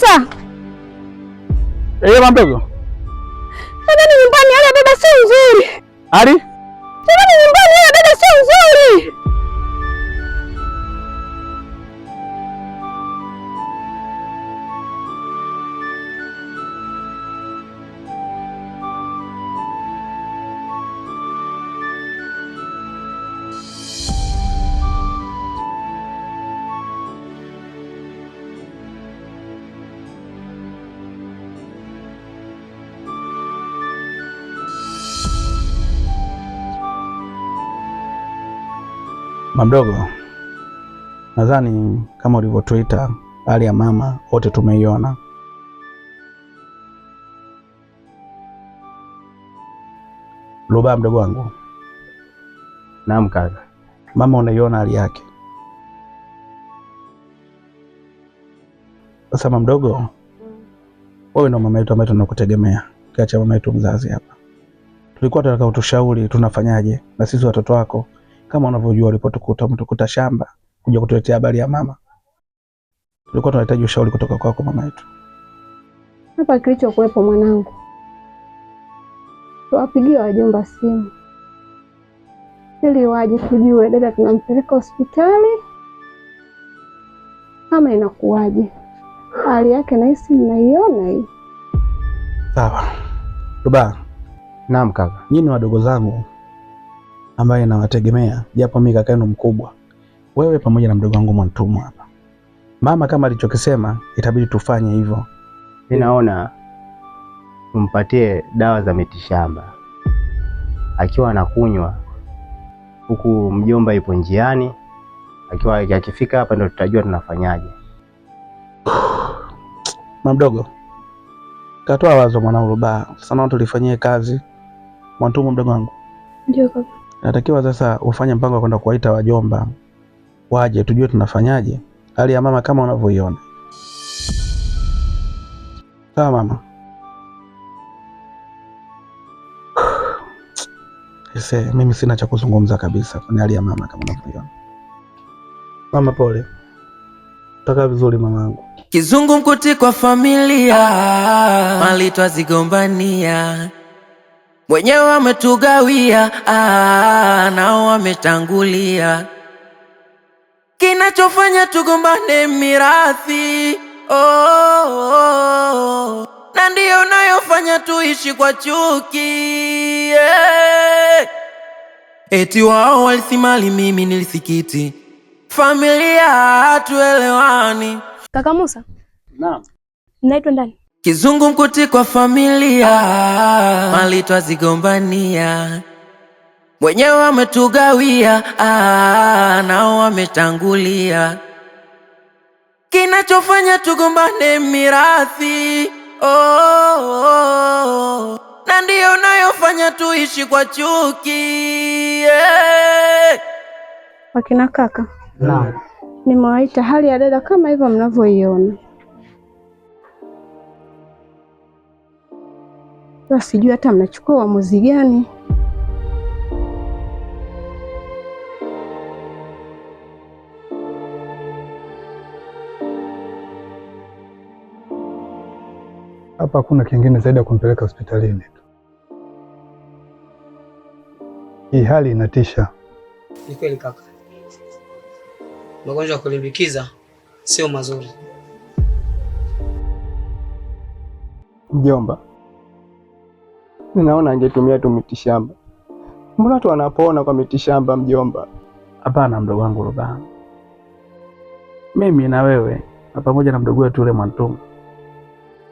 sasa? Eh, mamdogo. Sasa ni nyumbani, hali ya dada sio nzuri. Ali? Sasa ni nyumbani, hali ya dada sio nzuri. Mamdogo, nadhani kama ulivyotuita hali ya mama wote tumeiona. Lubaa, mdogo wangu. Naam kaka. Mama unaiona hali yake sasa. Mamdogo, wewe ndo mama yetu ambaye tunakutegemea, kiacha mama yetu mzazi hapa. Tulikuwa tunataka utushauri tunafanyaje na sisi watoto wako kama unavyojua ulipotukuta mtukuta shamba kuja kutuletea habari ya mama, tulikuwa tunahitaji ushauri kutoka kwako kwa mama yetu. Hapa kilichokuwepo mwanangu, tuwapigie wajumba simu ili waje tujue dada tunampeleka hospitali ama inakuwaje hali yake, nahisi mnaiona hii. Sawa Rubaa. Naam kaka, nyinyi ni wadogo zangu ambaye nawategemea japo yenu mkubwa. Wewe pamoja na mdogo wangu Mwantumu hapa. Mama kama alichokisema, itabidi tufanye hivyo. Ninaona tumpatie dawa za mitishamba akiwa anakunywa, huku mjomba ipo njiani, akiwa akifika hapa ndio tutajua tunafanyaje. Mamdogo katoa wazo mwanangu, rubaa sana, tulifanyie kazi. Mwantumu mdogo wangu, ndio kaka Natakiwa sasa ufanye mpango wa kwenda kuwaita wajomba waje tujue tunafanyaje hali ya mama kama unavyoiona. Sawa mama. Ese, mimi sina cha kuzungumza kabisa kwa hali ya mama kama unavyoiona. Mama pole, taka vizuri mamangu. mkuti kwa familia mali twazigombania mwenyewe wametugawia, ah, nao wametangulia. Kinachofanya tugombane mirathi, oh, oh, oh. Na ndiyo nayofanya tuishi kwa chuki yeah. Eti wao walisimali, mimi nilisikiti, familia hatuelewani. Kaka Musa, naam, mnaitwa ndani Kizungu mkuti kwa familia, mali twazigombania, mwenyewe wametugawia, ah, nao wametangulia. Kinachofanya tugombane mirathi, oh, oh, oh. Na ndiyo unayofanya tuishi kwa chuki, yeah. Wakina kaka, nimewaita hali ya dada kama hivyo mnavyoiona na sijui hata mnachukua uamuzi gani. Hapa hakuna kingine zaidi ya kumpeleka hospitalini tu. Hii hali inatisha. Ni kweli kaka, magonjwa ya kulimbikiza sio mazuri. Mjomba, Ninaona angetumia tu miti shamba. Mbona watu wanapona kwa miti shamba, mjomba? Hapana mdogo wangu Ruba, mimi na wewe na pamoja na mdogo wetu yule Mwantumu,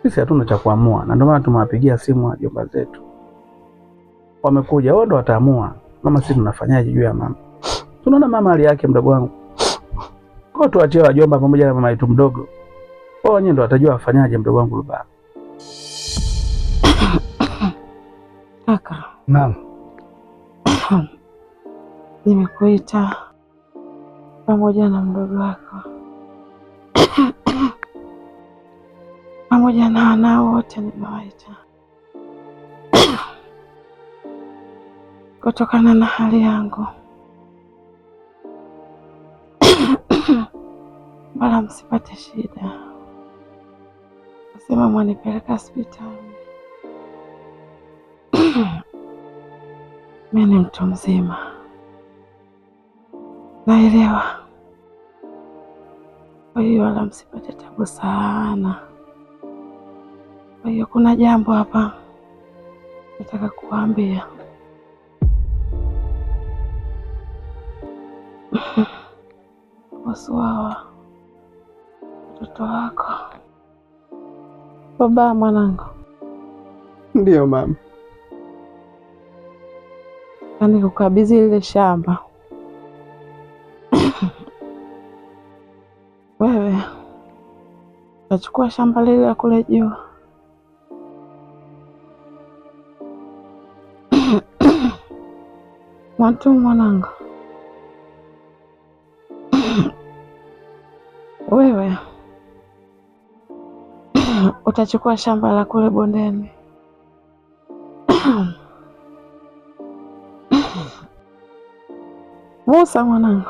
sisi hatuna cha kuamua, na ndio maana tumewapigia simu wajomba zetu, wamekuja wao, ndo wataamua mama. Sisi tunafanyaje juu ya mama? Tunaona mama hali yake, mdogo wangu, kwa tuachie wajomba pamoja na mama yetu mdogo, wao wenyewe ndo watajua wafanyaje, mdogo wangu Ruba. Kaka, naam, nimekuita pamoja na mdogo wako pamoja na wanao wote nimewaita kutokana na hali yangu. Wala msipate shida, sema mwanipeleka hospitali mi ni mtu mzima, naelewa. Kwa hiyo wala msipate tabu sana. Kwa hiyo kuna jambo hapa nataka kuambia. kuhusu mtoto wako. Baba mwanangu. Ndiyo mama na nikukabidhi lile shamba wewe utachukua shamba lile la kule juu Mwantu mwanangu, wewe utachukua shamba la kule bondeni Musa mwanangu.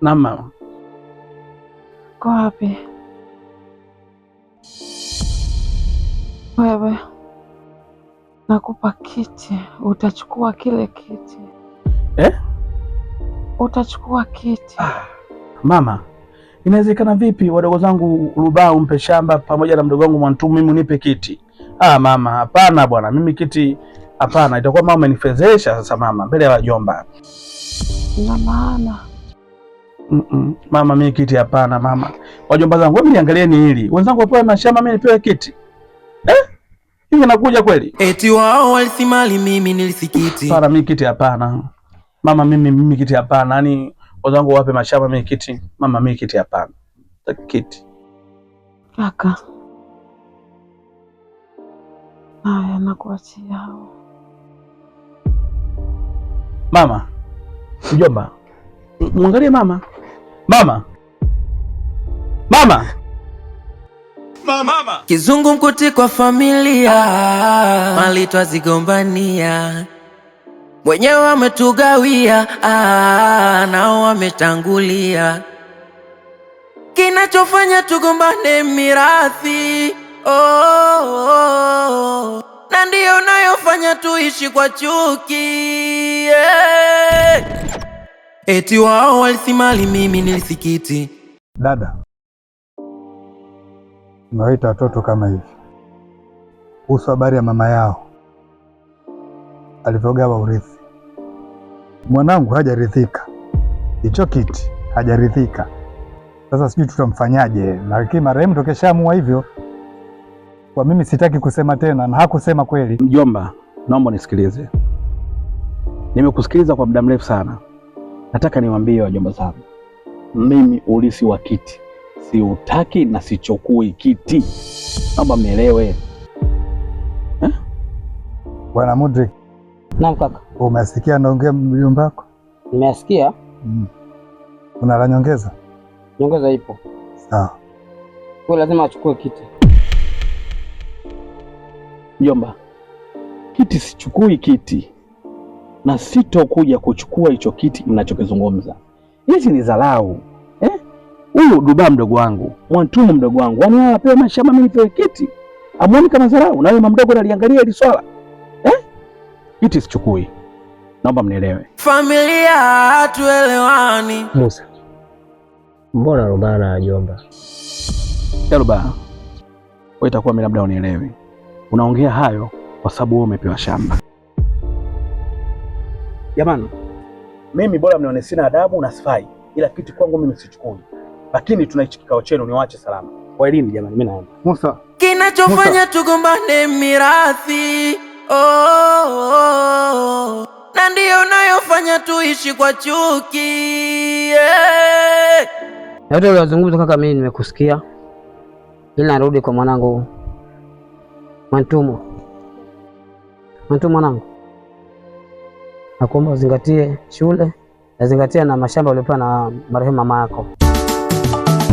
Na mama. Kwa wapi wewe? Nakupa kiti, utachukua kile kiti eh? Utachukua kiti. Ah, mama, inawezekana vipi wadogo zangu Rubaa umpe shamba pamoja na mdogo wangu Mwantumu mimi unipe kiti? Ah mama, hapana bwana, mimi kiti Hapana, itakuwa mama amenifedhesha sasa, mama mbele ya wajomba na maana mm -mm. Mama mimi kiti hapana, mama wajomba zangu wewe niangalie ni hili wenzangu wapewe mashamba, mimi nipewe kiti eh? Hivi nakuja kweli eti wao walisimali, mimi nilisikiti. Hapana, mimi kiti hapana, mama mimi mimi kiti hapana, yani wenzangu wape mashamba, mimi kiti. Mama mimi kiti hapana, kiti kaka. Haya, nakuachia hao. Mama mjomba, mwangalie mama. Mama, mama, mama. Kizungu mkuti kwa familia ah, mali twazigombania, mwenyewe wametugawia ah, nao wametangulia, kinachofanya tugombane mirathi oh, oh, oh na ndiyo unayofanya tuishi kwa chuki yeah. Eti wao walisimali, mimi nilisikiti. Dada, nawaita watoto kama hivi kuhusu habari ya mama yao alivyogawa urithi. Mwanangu hajaridhika, hicho kiti hajaridhika. Sasa sijui tutamfanyaje, lakini marehemu tokeshaamua hivyo. Kwa mimi sitaki kusema tena, na hakusema kweli. Mjomba, naomba nisikilize, nimekusikiliza kwa muda mrefu sana. Nataka niwaambie wajomba zangu, mimi ulisi wa kiti siutaki na sichukui kiti, naomba mnielewe eh? Bwana Mudri. Naam kaka. Umesikia naongea mjomba wako? Nimesikia. Mm. Una la nyongeza? Nyongeza ipo. Sawa. Kwa lazima achukue kiti. Mjomba, kiti sichukui kiti na sitokuja kuchukua hicho kiti mnachokizungumza. Hizi ni dharau eh? huyu eh? Dubaa mdogo wangu Mwantumu mdogo wangu yaani anapewa mashamba, mimi nipewe kiti? Amuoni kama dharau? Na yule mdogo naliangalia hili swala eh? Kiti sichukui, naomba mnielewe. Familia hatuelewani. Musa, mbona rubana na Ya Rubaa, wewe itakuwa mimi labda unielewi Unaongea hayo kwa sababu wewe umepewa shamba. Jamani, mimi bora mnione sina adabu na sifai, ila kiti kwangu mimi sichukui, lakini tuna hichi kikao chenu, niwaache salama kwa elimu. Jamani, mimi naomba Musa, kinachofanya tugombane mirathi oh, oh, oh. na ndiyo unayofanya tuishi kwa chuki yeah. Yote uliyozungumza kaka, mimi nimekusikia, ila narudi kwa mwanangu Mwantumo, Mwantumo mwanangu, nakuomba uzingatie shule, nazingatia na mashamba uliopewa na marehemu mama yako.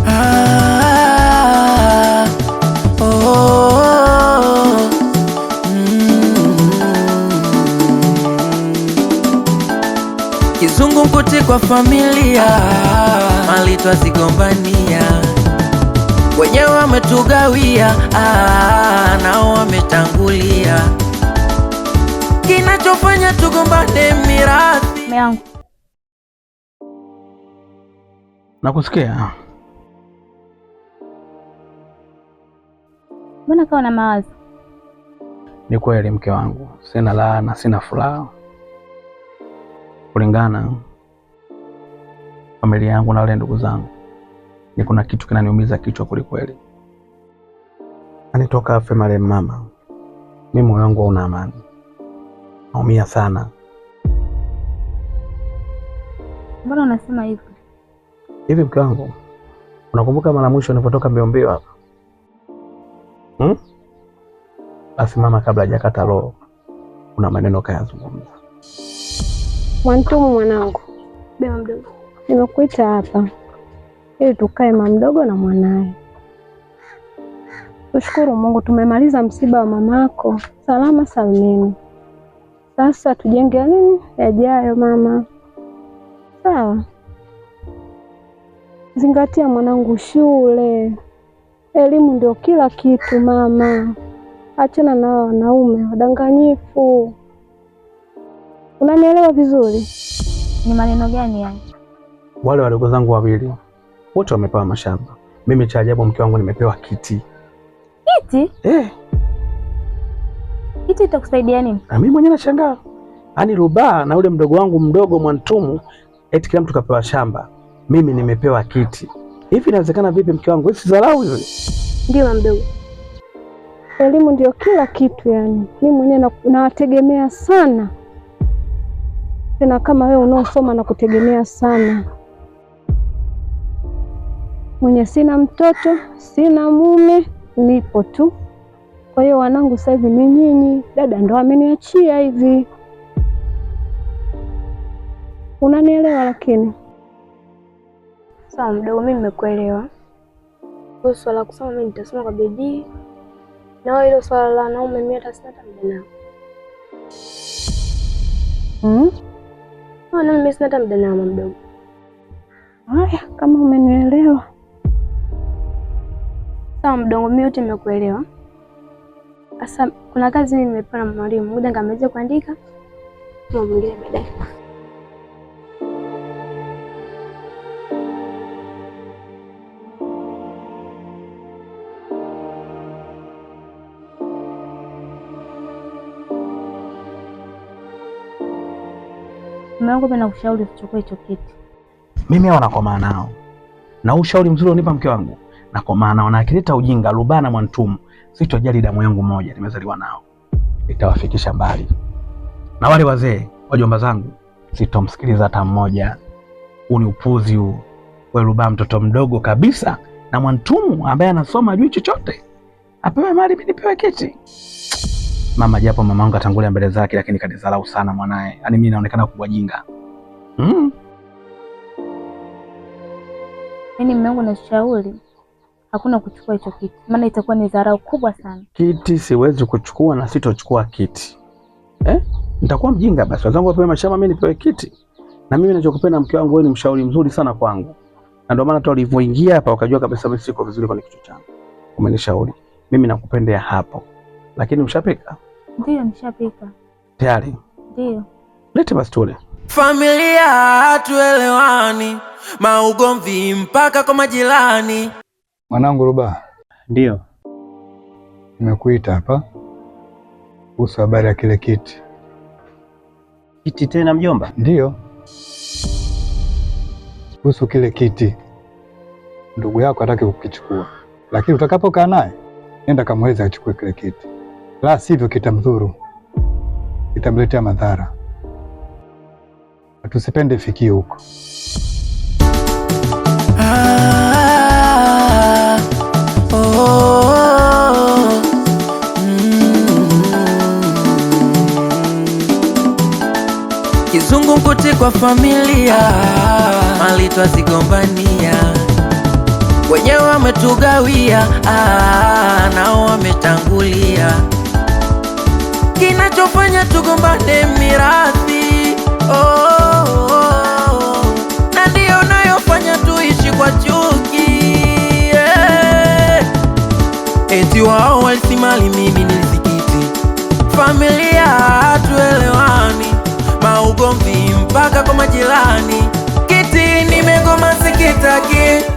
Ah, oh, oh, mm. Kizungu kuti kwa familia, mali twazigombania wenye wametugawia, ah, nao wametangulia. Kinachofanya tugombane mirathi yangu. Nakusikia. Mbona kawa na mawazo? Ni kweli mke wangu, sina raha na sina furaha kulingana familia yangu na wale ndugu zangu ni kuna kitu kinaniumiza kichwa kulikweli anitoka toka afe marehemu mama, mi moyo wangu hauna amani, naumia sana. Mbona unasema hivyo? Hivi mke wangu, unakumbuka mara mwisho nilipotoka mbiombio hapa hmm? Basi mama kabla hajakata roho, kuna maneno kayazungumza. Mwantumu mwanangu, bema mdogo, nimekuita hapa ili tukae mama mdogo na mwanaye. Tushukuru Mungu, tumemaliza msiba wa mamako salama salmini. Sasa tujenge nini yajayo, mama. Sawa, zingatia mwanangu, shule, elimu ndio kila kitu mama. Achana na wanaume wadanganyifu. Unanielewa vizuri? Ni maneno gani yani? Wale wadogo zangu wawili wote wamepewa mashamba. Mimi cha ajabu, mke wangu nimepewa kiti. Kiti? Eh. Kiti itakusaidia nini? Na mimi mwenyewe nashangaa. Yaani Rubaa na ule mdogo wangu mdogo Mwantumu, eti kila mtu kapewa shamba, mimi nimepewa kiti. Hivi inawezekana vipi, mke wangu? Si dharau hiyo? Ndio mdogo, elimu ndio kila kitu. Yani mimi mwenyewe nawategemea sana, tena kama wewe unaosoma na kutegemea sana mwenye sina mtoto, sina mume, nipo tu. Kwa hiyo wanangu sasa hivi ni nyinyi, dada ndo ameniachia hivi, unanielewa? Lakini sawa, mdogo, mimi nimekuelewa kwa swala kusoma. Mimi nitasema kwa bidii, na ile swala la naume mimi hata sina muda nao. Hmm? Mimi sina tabia nao mdogo. Haya, kama umenielewa Sawa mdongo, mimi yote nimekuelewa. Sasa kuna kazi nimepewa na mwalimu, muda ngamaliza kuandika, mambo mwingine baadaye. Mwanangu, mimi nakushauri usichukue hicho kitu. Mimi hao nakomaa nao na ushauri mzuri unipa mke wangu na kwa maana wanakileta ujinga lubana mwantumu, sitojali damu yangu moja nimezaliwa nao itawafikisha mbali. Na wale wazee wajomba zangu sitomsikiliza hata mmoja. Huu ni upuzi huu. Wewe Lubaa mtoto mdogo kabisa na mwantumu ambaye anasoma juu chochote apewe mali mimi nipewe kiti. Mama japo mamangu atangulia mbele zake, lakini kanidharau sana mwanae. Yaani mimi naonekana kubwa jinga. Mm. Mimi yaani mume wangu nashauri hakuna kuchukua hicho kiti, maana itakuwa ni dharau kubwa sana. Kiti siwezi kuchukua na sitochukua kiti eh? Nitakuwa mjinga basi, wazangu wapewe mashamba, mimi nipewe kiti. Na mimi ninachokupenda mke wangu, wewe ni mshauri mzuri sana kwangu, na ndio maana hata ulivyoingia hapa ukajua kabisa mimi siko vizuri kwenye kichwa changu, umenishauri mimi. Nakupendea hapo, lakini mshapika? Ndio, mshapika tayari. Ndio, lete basi tule. Familia hatuelewani, maugomvi mpaka kwa majirani. Mwanangu Ruba, ndio nimekuita hapa kuhusu habari ya kile kiti. Kiti tena mjomba? Ndiyo, kuhusu kile kiti. Ndugu yako hataki kukichukua, lakini utakapokaa naye nenda kamweleza achukue kile kiti, la sivyo kitamdhuru, kitamletea madhara. Hatusipende fikie huko. Mm-hmm. Kizungu kuti kwa familia, mali twazigombania, wenyewe wametugawia, ah, nao wametangulia. Kinachofanya tugombane mirathi, oh, oh, oh, na ndiyo nayofanya tuishi kwa eti wao walisimali, mimi nilizikiti. Familia hatuelewani, maugomvi mpaka kwa majirani. Kiti nimegoma sikitaki